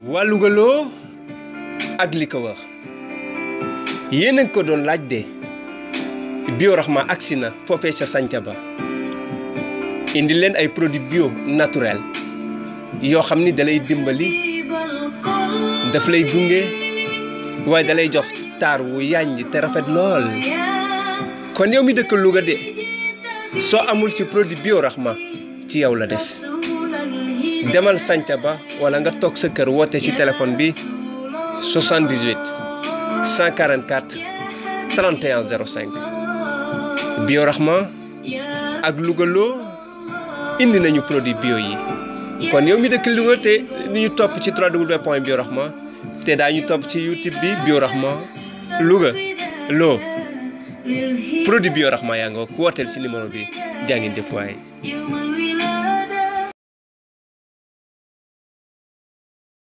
wàllugaloo ak li ko wax yéen a ko doon laaj de bio raxma agsi na foofee sa sanca ba indi leen ay produit bio naturel yoo xam ni dalay dimbali daf lay gunge waaye dalay jox taar wu yàññ te rafet lool kon yow mi dëkk Louga de soo amul ci produit bio raxma ci yow la des demal sanca ba wala nga toog sa kër woote ci téléphone bi 78 144 31 05 bio rahma ak Louga loo indi nañu produit bio yi kon yow mi dëkk Louga te ni ñu topp ci www.biorahma te daañu topp ci youtube bi biorahma Louga loo produit biorahma yaa nga ko wooteel ci numéro bi jaa ngeen jëf waay